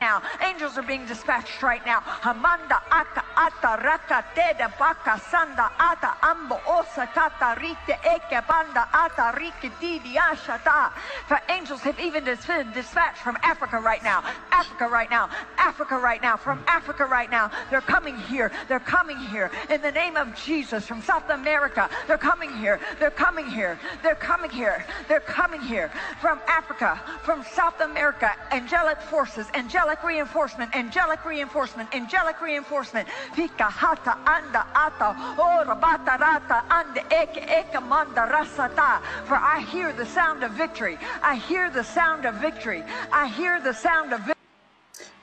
Now, angels are being dispatched right now. Hamanda Aka ata raka te baka sanda ata ambo osa tata rite eke banda ata riki didi ashata. For angels have even been dispatched from Africa right now. Africa right now. Africa right now. From Africa right now. They're coming here. They're coming here. In the name of Jesus from South America. They're coming here. They're coming here. They're coming here. They're coming here from Africa, from South America. Angelic forces, angelic reinforcement, angelic reinforcement, angelic reinforcement fika hata anda ata ora bata rata anda eke eke manda rasata. For I hear the sound of victory. I hear the sound of victory. I hear the sound of victory.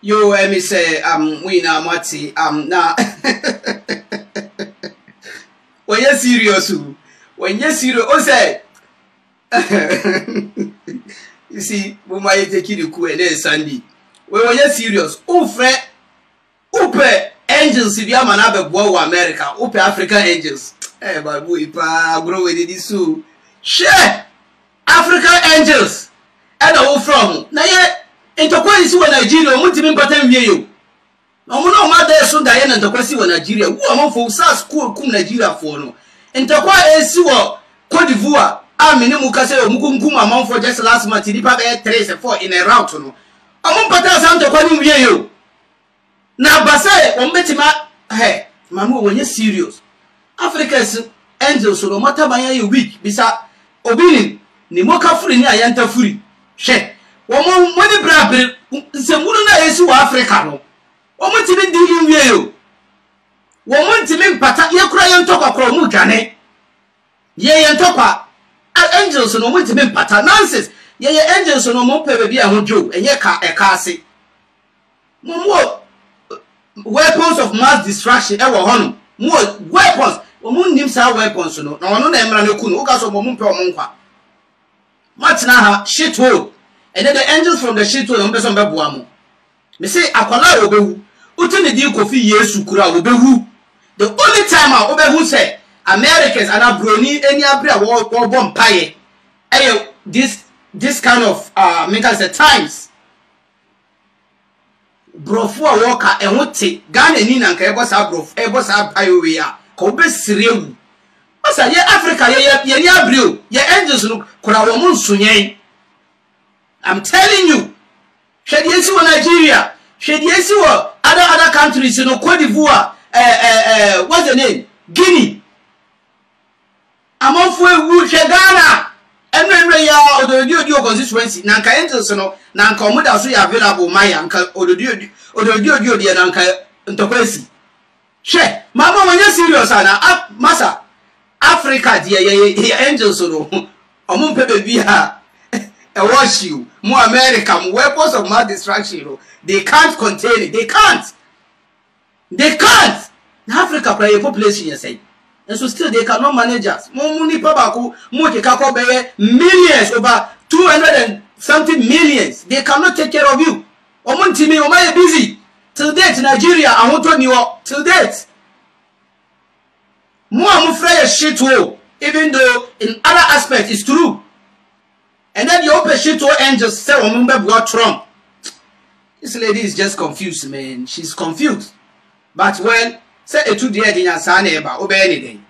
You hear eh, me say, um, we now Mati, um, now. When you're serious, when you're serious, oh, say. you see, mo ma take you the eh, cool and then Sunday. When you're serious, oh, Fred, oh, agents bi ama na abɛboa wɔ america wopɛ african agents ɛyɛ baabo yi paa agorɔ wɔ didi so hyɛ african angels ɛna wofra ho na yɛ ntɔkwa yi si wɔ nigeria ɔmo ntumi mpata nwie yi o ɔmo na ɔmo adaɛ so da yɛ na ntɔkwa si wɔ nigeria wu ɔmo fo sars kuro kum nigeria foɔ no ntɔkwa esi wɔ cote divoire a mene mu kasa yɛ ɔmo kunkum amanfoɔ just last month nipa bɛyɛ three sɛ four in a route no ɔmo mpata asa ntɔkwa no nwie yi na aba sɛ he bɛtumi ahɛ maame wɔ wɔnyɛ serious africans angels no wɔn ataban ayɛ weak bisa obi ni ne moka firi ne ayanta furi hwɛ wɔn wɔn ni birabiri nsɛmúlò náà yɛsi wɔ africa no wɔn ti mi di yi wie o wɔn ti mi mpata yɛ kura yɛn ntɔkwa kura wɔn dwane yɛ yɛn ntɔkwa angels no wɔn ti mi mpata nonsense yɛ yɛ angels no wɔn pɛ baabi a wɔn dwo ɛnyɛ ka ɛka ase wɔn weapons of mass destruction. ɛwɔ eh, hɔ no mu wɔ weapons wɔn nim saa weapons no na ɔno na ɛmira no ku no woka so wɔn mpɛ wɔn nkwa matena ha shit hole ɛnɛ the angels from the shit hole wɔn pɛ sɛ wɔn bɛ boa mo mese akwadaa a wɔbɛwu wotu ne din kofi yesu kura a the only time a wɔbɛhu sɛ americans ana broni ani abiri a wɔbɔ mpaeɛ ɛyɛ this this kind of uh, mental sɛ times borɔfo a wɔka ɛho te ghana ni na nka ɛbɔ saa borɔfo ɛbɔ saa ayowe a ka wɔbɛsiri ewu ɔsa yɛ africa yɛ yɛ yɛ ni abiri o yɛ engines no kora wɔn mo nsonyɛn i'm telling you hwɛ deɛ esi wɔ nigeria hwɛ deɛ esi wɔ other other countries no cote divoire ɛɛ ɛɛ what's the name guinea amanfo ewu hwɛ ghana your constituency na nka angels no na nka ɔmo so yɛ available ma ya nka ododi ododi odi yɛ na nka ntɔkwa esi hwɛ maama wɔn nyɛ serious ana a masa africa deɛ ya ya angels no ɔmo mpɛ beebi a ɛwɔ ahyi o mu america mu weapons of mass destruction no they can't contain it they can't they can't na africa kora yɛ population yɛ sɛn nso still they cannot manage us mo mu nipa baako mo keka kɔ bɛyɛ millions over two hundred and something millions they cannot take care of you ọmọ ntumi ọmọ yẹ busy till date Nigeria ahotọ ni wọ till date mo a mo fẹ́ yẹ shit o even though in other aspects it's true and then the open shit o angels sẹ wọn bẹ bua Trump this lady is just confused man she's confused but well sẹ etu deɛ di nyansa na ẹ ba ọbẹ yẹ ne den.